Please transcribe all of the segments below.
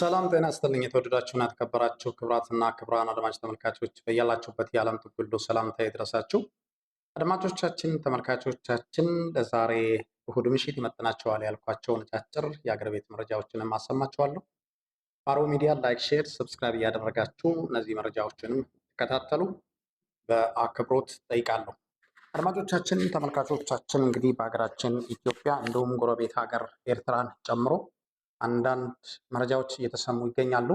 ሰላም ጤና ይስጥልኝ። የተወደዳችሁና የተከበራችሁ ክብራትና ክብራን አድማጭ ተመልካቾች በያላችሁበት የዓለም ጥግ ሁሉ ሰላምታ ይድረሳችሁ። አድማጮቻችን፣ ተመልካቾቻችን ለዛሬ እሁድ ምሽት ይመጥናቸዋል ያልኳቸውን አጫጭር የአገር ቤት መረጃዎችንም አሰማችኋለሁ። ባሮ ሚዲያ ላይክ፣ ሼር፣ ሰብስክራይብ እያደረጋችሁ እነዚህ መረጃዎችንም ተከታተሉ በአክብሮት ጠይቃለሁ። አድማጮቻችን፣ ተመልካቾቻችን እንግዲህ በሀገራችን ኢትዮጵያ እንዲሁም ጎረቤት ሀገር ኤርትራን ጨምሮ አንዳንድ መረጃዎች እየተሰሙ ይገኛሉ።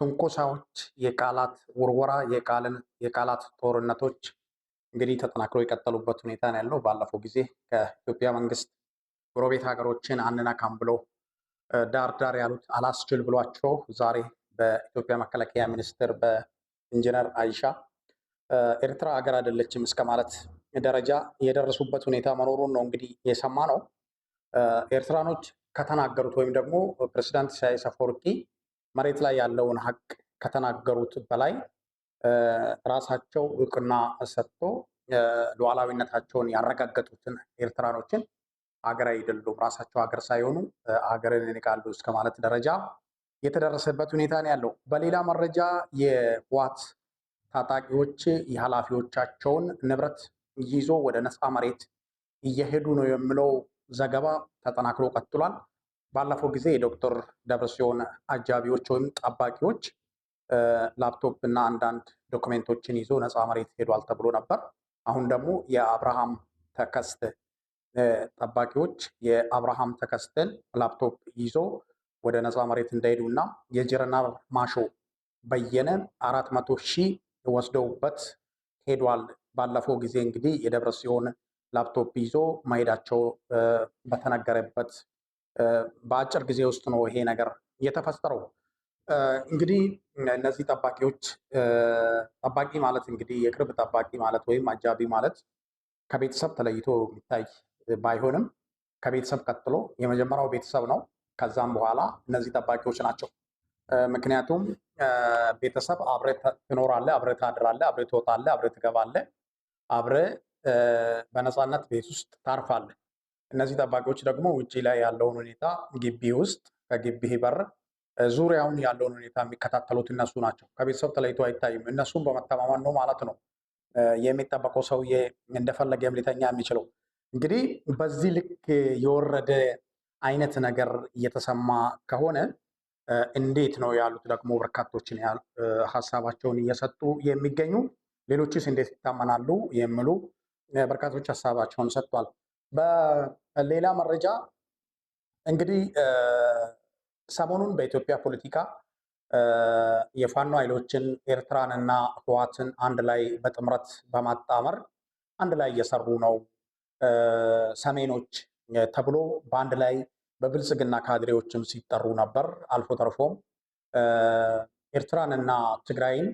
ትንኮሳዎች፣ የቃላት ውርወራ፣ የቃላት ጦርነቶች እንግዲህ ተጠናክሮ የቀጠሉበት ሁኔታ ነው ያለው። ባለፈው ጊዜ ከኢትዮጵያ መንግስት ጎረቤት ሀገሮችን አንነካም ብሎ ዳር ዳር ያሉት አላስችል ብሏቸው ዛሬ በኢትዮጵያ መከላከያ ሚኒስትር በኢንጂነር አይሻ ኤርትራ ሀገር አይደለችም እስከ ማለት ደረጃ የደረሱበት ሁኔታ መኖሩን ነው እንግዲህ የሰማ ነው ኤርትራኖች ከተናገሩት ወይም ደግሞ ፕሬዚዳንት ኢሳያስ አፈወርቂ መሬት ላይ ያለውን ሀቅ ከተናገሩት በላይ ራሳቸው እውቅና ሰጥቶ ሉዓላዊነታቸውን ያረጋገጡትን ኤርትራኖችን አገር አይደሉም፣ ራሳቸው ሀገር ሳይሆኑ አገርን ይንቃሉ እስከ ማለት ደረጃ የተደረሰበት ሁኔታ ነው ያለው። በሌላ መረጃ የህወሓት ታጣቂዎች የኃላፊዎቻቸውን ንብረት ይዞ ወደ ነፃ መሬት እየሄዱ ነው የሚለው ዘገባ ተጠናክሮ ቀጥሏል። ባለፈው ጊዜ የዶክተር ደብረጽዮን አጃቢዎች ወይም ጠባቂዎች ላፕቶፕ እና አንዳንድ ዶክመንቶችን ይዞ ነፃ መሬት ሄዷል ተብሎ ነበር። አሁን ደግሞ የአብርሃም ተከስተ ጠባቂዎች የአብርሃም ተከስተን ላፕቶፕ ይዞ ወደ ነፃ መሬት እንደሄዱ እና የጀረናር ማሾ በየነ አራት መቶ ሺህ ወስደውበት ሄዷል። ባለፈው ጊዜ እንግዲህ የደብረጽዮን ላፕቶፕ ይዞ መሄዳቸው በተነገረበት በአጭር ጊዜ ውስጥ ነው ይሄ ነገር የተፈጠረው። እንግዲህ እነዚህ ጠባቂዎች ጠባቂ ማለት እንግዲህ የቅርብ ጠባቂ ማለት ወይም አጃቢ ማለት ከቤተሰብ ተለይቶ የሚታይ ባይሆንም ከቤተሰብ ቀጥሎ የመጀመሪያው ቤተሰብ ነው። ከዛም በኋላ እነዚህ ጠባቂዎች ናቸው። ምክንያቱም ቤተሰብ አብረ ትኖራለ፣ አብረ ታድራለ፣ አብረ ትወጣለ፣ አብረ ትገባለ፣ አብረ በነፃነት ቤት ውስጥ ታርፋለ። እነዚህ ጠባቂዎች ደግሞ ውጭ ላይ ያለውን ሁኔታ ግቢ ውስጥ ከግቢ በር ዙሪያውን ያለውን ሁኔታ የሚከታተሉት እነሱ ናቸው። ከቤተሰብ ተለይቶ አይታይም። እነሱም በመተማመን ነው ማለት ነው የሚጠበቀው ሰውዬ እንደፈለገም ሊተኛ የሚችለው። እንግዲህ በዚህ ልክ የወረደ አይነት ነገር እየተሰማ ከሆነ እንዴት ነው ያሉት ደግሞ በርካቶችን ሀሳባቸውን እየሰጡ የሚገኙ ሌሎችስ እንዴት ይታመናሉ የሚሉ በርካቶች ሀሳባቸውን ሰጥቷል። በሌላ መረጃ እንግዲህ ሰሞኑን በኢትዮጵያ ፖለቲካ የፋኖ ኃይሎችን ኤርትራን እና ህዋትን አንድ ላይ በጥምረት በማጣመር አንድ ላይ እየሰሩ ነው ሰሜኖች ተብሎ በአንድ ላይ በብልጽግና ካድሬዎችም ሲጠሩ ነበር። አልፎ ተርፎም ኤርትራን እና ትግራይን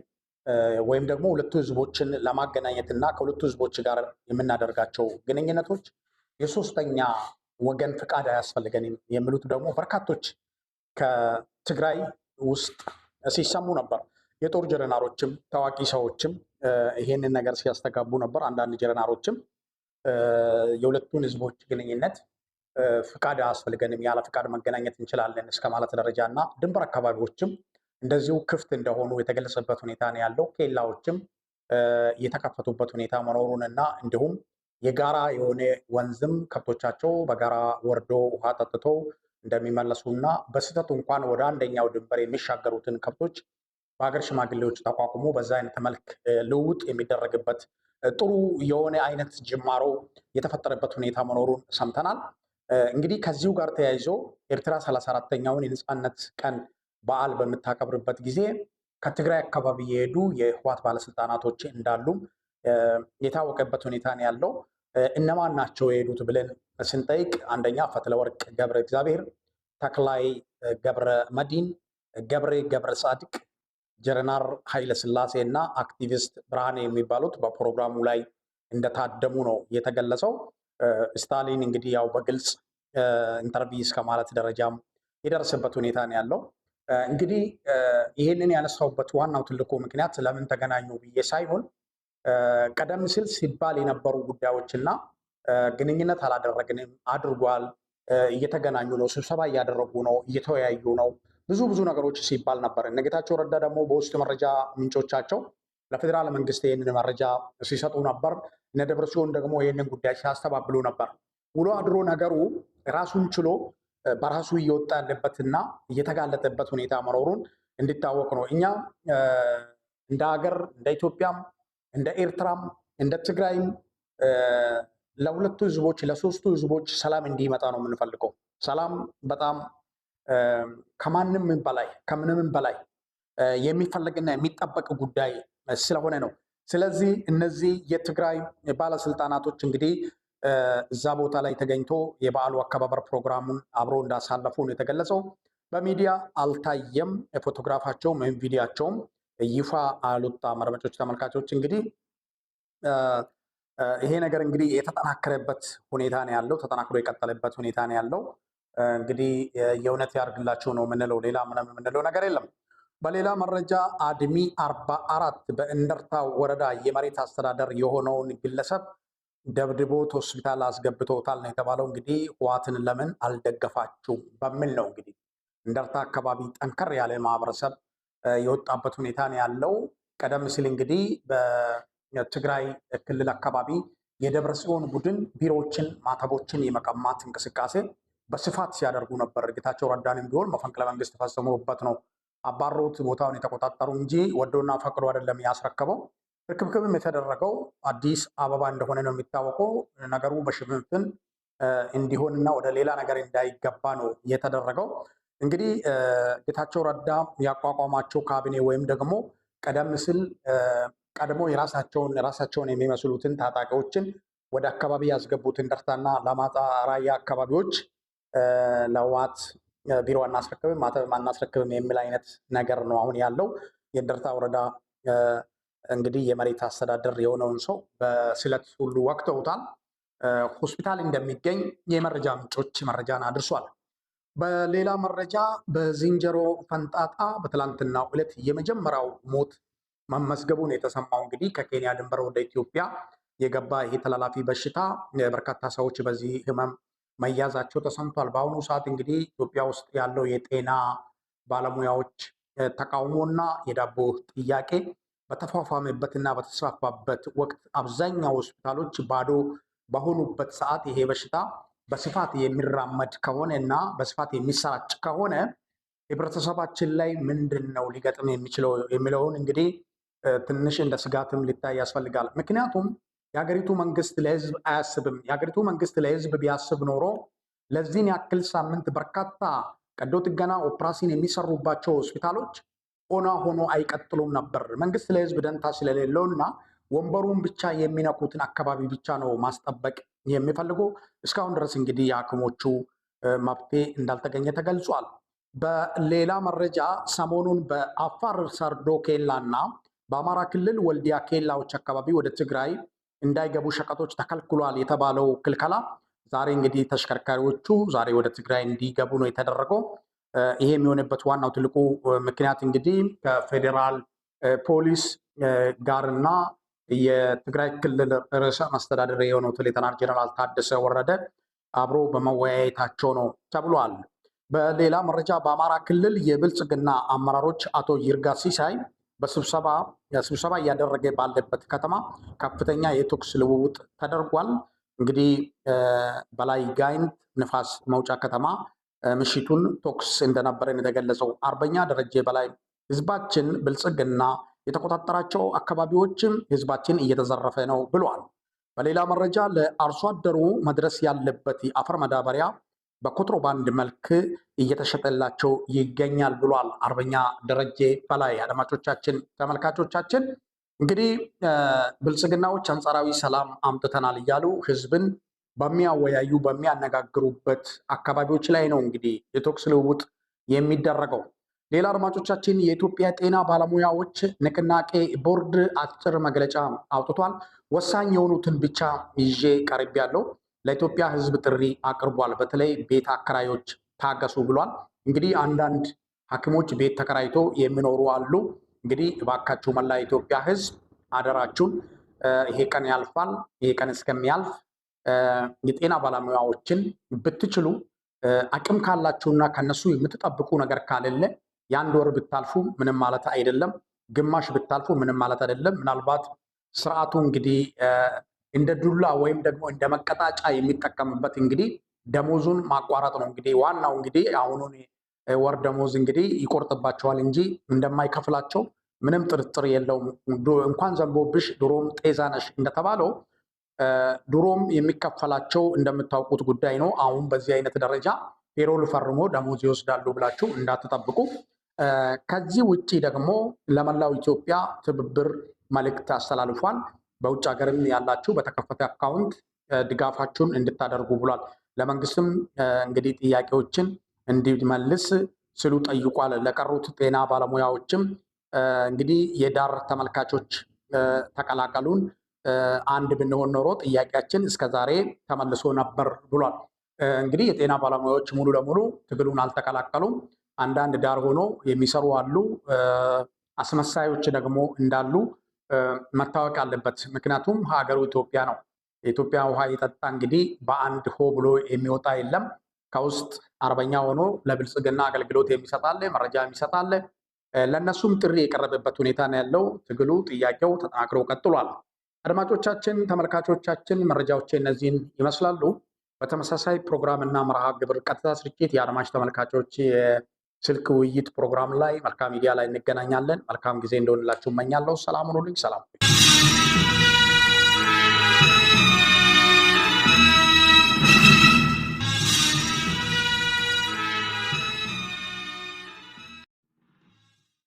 ወይም ደግሞ ሁለቱ ህዝቦችን ለማገናኘት እና ከሁለቱ ህዝቦች ጋር የምናደርጋቸው ግንኙነቶች የሶስተኛ ወገን ፍቃድ አያስፈልገንም የሚሉት ደግሞ በርካቶች ከትግራይ ውስጥ ሲሰሙ ነበር። የጦር ጀረናሮችም ታዋቂ ሰዎችም ይሄንን ነገር ሲያስተጋቡ ነበር። አንዳንድ ጀረናሮችም የሁለቱን ህዝቦች ግንኙነት ፍቃድ አያስፈልገንም፣ ያለ ፍቃድ መገናኘት እንችላለን እስከ ማለት ደረጃ እና ድንበር አካባቢዎችም እንደዚሁ ክፍት እንደሆኑ የተገለጸበት ሁኔታ ነው ያለው። ኬላዎችም የተከፈቱበት ሁኔታ መኖሩን እና እንዲሁም የጋራ የሆነ ወንዝም ከብቶቻቸው በጋራ ወርዶ ውሃ ጠጥቶ እንደሚመለሱና በስህተት እንኳን ወደ አንደኛው ድንበር የሚሻገሩትን ከብቶች በሀገር ሽማግሌዎች ተቋቁሞ በዛ አይነት መልክ ልውውጥ የሚደረግበት ጥሩ የሆነ አይነት ጅማሮ የተፈጠረበት ሁኔታ መኖሩን ሰምተናል። እንግዲህ ከዚሁ ጋር ተያይዞ ኤርትራ ሰላሳ አራተኛውን የነፃነት ቀን በዓል በምታከብርበት ጊዜ ከትግራይ አካባቢ የሄዱ የህዋት ባለስልጣናቶች እንዳሉም የታወቀበት ሁኔታ ነው ያለው። እነማን ናቸው የሄዱት ብለን ስንጠይቅ አንደኛ ፈትለወርቅ ገብረ እግዚአብሔር፣ ተክላይ ገብረ መዲን፣ ገብሬ ገብረ ጻድቅ፣ ጀረናር ኃይለስላሴ እና አክቲቪስት ብርሃኔ የሚባሉት በፕሮግራሙ ላይ እንደታደሙ ነው የተገለጸው። ስታሊን እንግዲህ ያው በግልጽ ኢንተርቪው እስከ ማለት ደረጃም የደረሰበት ሁኔታ ነው ያለው። እንግዲህ ይህንን ያነሳውበት ዋናው ትልቁ ምክንያት ለምን ተገናኙ ብዬ ሳይሆን ቀደም ሲል ሲባል የነበሩ ጉዳዮች እና ግንኙነት አላደረግንም አድርጓል፣ እየተገናኙ ነው፣ ስብሰባ እያደረጉ ነው፣ እየተወያዩ ነው፣ ብዙ ብዙ ነገሮች ሲባል ነበር። እነ ጌታቸው ረዳ ደግሞ በውስጥ መረጃ ምንጮቻቸው ለፌዴራል መንግስት ይህንን መረጃ ሲሰጡ ነበር። እነ ደብረ ደግሞ ይህንን ጉዳይ ሲያስተባብሉ ነበር። ውሎ አድሮ ነገሩ ራሱን ችሎ በራሱ እየወጣ ያለበትና እየተጋለጠበት ሁኔታ መኖሩን እንዲታወቅ ነው። እኛ እንደ ሀገር እንደ ኢትዮጵያም እንደ ኤርትራም እንደ ትግራይም ለሁለቱ ህዝቦች ለሶስቱ ህዝቦች ሰላም እንዲመጣ ነው የምንፈልገው። ሰላም በጣም ከማንም በላይ ከምንምን በላይ የሚፈለግና የሚጠበቅ ጉዳይ ስለሆነ ነው። ስለዚህ እነዚህ የትግራይ ባለስልጣናቶች እንግዲህ እዛ ቦታ ላይ ተገኝቶ የበዓሉ አከባበር ፕሮግራሙን አብሮ እንዳሳለፉ ነው የተገለጸው። በሚዲያ አልታየም ፎቶግራፋቸውም ወይም ቪዲያቸውም ይፋ አልወጣም። አድማጮች ተመልካቾች፣ እንግዲህ ይሄ ነገር እንግዲህ የተጠናከረበት ሁኔታ ነው ያለው፣ ተጠናክሮ የቀጠለበት ሁኔታ ነው ያለው። እንግዲህ የእውነት ያድርግላቸው ነው የምንለው፣ ሌላ ምንም የምንለው ነገር የለም። በሌላ መረጃ አድሚ አርባ አራት በእንደርታ ወረዳ የመሬት አስተዳደር የሆነውን ግለሰብ ደብድቦት ሆስፒታል አስገብቶታል ነው የተባለው። እንግዲህ ህዋትን ለምን አልደገፋችሁም በሚል ነው እንግዲህ እንደርታ አካባቢ ጠንከር ያለ ማህበረሰብ የወጣበት ሁኔታ ነው ያለው። ቀደም ሲል እንግዲህ በትግራይ ክልል አካባቢ የደብረ ጽዮን ቡድን ቢሮዎችን፣ ማተቦችን የመቀማት እንቅስቃሴ በስፋት ሲያደርጉ ነበር። ጌታቸው ረዳንም ቢሆን መፈንቅለ መንግስት ፈጽሞበት ነው አባሮት ቦታውን የተቆጣጠሩ እንጂ ወዶና ፈቅዶ አይደለም ያስረከበው። ርክብክብም የተደረገው አዲስ አበባ እንደሆነ ነው የሚታወቀው። ነገሩ በሽፍንፍን እንዲሆንና ወደ ሌላ ነገር እንዳይገባ ነው የተደረገው። እንግዲህ ጌታቸው ረዳ ያቋቋማቸው ካቢኔ ወይም ደግሞ ቀደም ሲል ቀድሞ የራሳቸውን ራሳቸውን የሚመስሉትን ታጣቂዎችን ወደ አካባቢ ያስገቡትን ደርታና ለማጣ ራያ አካባቢዎች ለዋት ቢሮ አናስረክብም፣ ማተብ አናስረክብም የሚል አይነት ነገር ነው አሁን ያለው። የደርታ ወረዳ እንግዲህ የመሬት አስተዳደር የሆነውን ሰው በስለት ሁሉ ወቅተውታል። ሆስፒታል እንደሚገኝ የመረጃ ምንጮች መረጃን አድርሷል። በሌላ መረጃ በዝንጀሮ ፈንጣጣ በትላንትናው ዕለት የመጀመሪያው ሞት መመዝገቡን የተሰማው እንግዲህ ከኬንያ ድንበር ወደ ኢትዮጵያ የገባ ይህ ተላላፊ በሽታ በርካታ ሰዎች በዚህ ህመም መያዛቸው ተሰምቷል። በአሁኑ ሰዓት እንግዲህ ኢትዮጵያ ውስጥ ያለው የጤና ባለሙያዎች ተቃውሞና የዳቦ ጥያቄ በተፏፏመበትና በተስፋፋበት ወቅት አብዛኛው ሆስፒታሎች ባዶ በሆኑበት ሰዓት ይሄ በሽታ በስፋት የሚራመድ ከሆነ እና በስፋት የሚሰራጭ ከሆነ ህብረተሰባችን ላይ ምንድን ነው ሊገጥም የሚችለው የሚለውን እንግዲህ ትንሽ እንደ ስጋትም ሊታይ ያስፈልጋል። ምክንያቱም የሀገሪቱ መንግስት ለህዝብ አያስብም። የሀገሪቱ መንግስት ለህዝብ ቢያስብ ኖሮ ለዚህን ያክል ሳምንት በርካታ ቀዶ ጥገና ኦፕራሲን የሚሰሩባቸው ሆስፒታሎች ኦና ሆኖ አይቀጥሉም ነበር። መንግስት ለህዝብ ደንታ ስለሌለው እና ወንበሩን ብቻ የሚነኩትን አካባቢ ብቻ ነው ማስጠበቅ የሚፈልጉ እስካሁን ድረስ እንግዲህ የሐኪሞቹ መፍትሄ እንዳልተገኘ ተገልጿል። በሌላ መረጃ ሰሞኑን በአፋር ሰርዶ ኬላ እና በአማራ ክልል ወልዲያ ኬላዎች አካባቢ ወደ ትግራይ እንዳይገቡ ሸቀጦች ተከልክሏል የተባለው ክልከላ ዛሬ እንግዲህ ተሽከርካሪዎቹ ዛሬ ወደ ትግራይ እንዲገቡ ነው የተደረገው። ይሄ የሚሆንበት ዋናው ትልቁ ምክንያት እንግዲህ ከፌዴራል ፖሊስ ጋርና የትግራይ ክልል ርዕሰ መስተዳደር የሆኑት ሌተናል ጀነራል ታደሰ ወረደ አብሮ በመወያየታቸው ነው ተብሏል። በሌላ መረጃ በአማራ ክልል የብልጽግና አመራሮች አቶ ይርጋ ሲሳይ በስብሰባ እያደረገ ባለበት ከተማ ከፍተኛ የተኩስ ልውውጥ ተደርጓል። እንግዲህ በላይ ጋይንት ንፋስ መውጫ ከተማ ምሽቱን ተኩስ እንደነበረን የተገለጸው አርበኛ ደረጀ በላይ ህዝባችን ብልጽግና የተቆጣጠራቸው አካባቢዎችም ህዝባችን እየተዘረፈ ነው ብሏል። በሌላ መረጃ ለአርሶ አደሩ መድረስ ያለበት የአፈር ማዳበሪያ በኮንትሮባንድ መልክ እየተሸጠላቸው ይገኛል ብሏል አርበኛ ደረጀ በላይ። አድማጮቻችን፣ ተመልካቾቻችን እንግዲህ ብልጽግናዎች አንጻራዊ ሰላም አምጥተናል እያሉ ህዝብን በሚያወያዩ በሚያነጋግሩበት አካባቢዎች ላይ ነው እንግዲህ የተኩስ ልውውጥ የሚደረገው። ሌላ አድማጮቻችን የኢትዮጵያ ጤና ባለሙያዎች ንቅናቄ ቦርድ አጭር መግለጫ አውጥቷል። ወሳኝ የሆኑትን ብቻ ይዤ ቀርብ ያለው ለኢትዮጵያ ሕዝብ ጥሪ አቅርቧል። በተለይ ቤት አከራዮች ታገሱ ብሏል። እንግዲህ አንዳንድ ሐኪሞች ቤት ተከራይቶ የሚኖሩ አሉ። እንግዲህ እባካችሁ መላ የኢትዮጵያ ሕዝብ አደራችሁን፣ ይሄ ቀን ያልፋል። ይሄ ቀን እስከሚያልፍ የጤና ባለሙያዎችን ብትችሉ አቅም ካላችሁና ከነሱ የምትጠብቁ ነገር ካለለ የአንድ ወር ብታልፉ ምንም ማለት አይደለም። ግማሽ ብታልፉ ምንም ማለት አይደለም። ምናልባት ስርዓቱ እንግዲህ እንደ ዱላ ወይም ደግሞ እንደ መቀጣጫ የሚጠቀምበት እንግዲህ ደሞዙን ማቋረጥ ነው። እንግዲህ ዋናው እንግዲህ አሁኑን ወር ደሞዝ እንግዲህ ይቆርጥባቸዋል እንጂ እንደማይከፍላቸው ምንም ጥርጥር የለውም። እንኳን ዘንቦብሽ ድሮም ጤዛ ነሽ እንደተባለው ድሮም የሚከፈላቸው እንደምታውቁት ጉዳይ ነው። አሁን በዚህ አይነት ደረጃ ፔሮል ፈርሞ ደሞዝ ይወስዳሉ ብላችሁ እንዳትጠብቁ። ከዚህ ውጭ ደግሞ ለመላው ኢትዮጵያ ትብብር መልእክት አስተላልፏል። በውጭ ሀገርም ያላችሁ በተከፈተ አካውንት ድጋፋችሁን እንድታደርጉ ብሏል። ለመንግስትም እንግዲህ ጥያቄዎችን እንዲመልስ ስሉ ጠይቋል። ለቀሩት ጤና ባለሙያዎችም እንግዲህ የዳር ተመልካቾች ተቀላቀሉን፣ አንድ ብንሆን ኖሮ ጥያቄያችን እስከዛሬ ተመልሶ ነበር ብሏል። እንግዲህ የጤና ባለሙያዎች ሙሉ ለሙሉ ትግሉን አልተቀላቀሉም። አንዳንድ ዳር ሆኖ የሚሰሩ አሉ። አስመሳዮች ደግሞ እንዳሉ መታወቅ አለበት። ምክንያቱም ሀገሩ ኢትዮጵያ ነው። የኢትዮጵያ ውሃ የጠጣ እንግዲህ በአንድ ሆ ብሎ የሚወጣ የለም። ከውስጥ አርበኛ ሆኖ ለብልጽግና አገልግሎት የሚሰጣለ መረጃ የሚሰጣለ ለእነሱም ጥሪ የቀረበበት ሁኔታ ነው ያለው። ትግሉ ጥያቄው ተጠናክሮ ቀጥሏል። አድማጮቻችን፣ ተመልካቾቻችን መረጃዎች እነዚህን ይመስላሉ። በተመሳሳይ ፕሮግራም እና መርሃ ግብር ቀጥታ ስርጭት የአድማጭ ተመልካቾች ስልክ ውይይት ፕሮግራም ላይ መልካም ሚዲያ ላይ እንገናኛለን። መልካም ጊዜ እንደሆንላችሁ እመኛለሁ። ሰላም ሁኑልኝ። ሰላም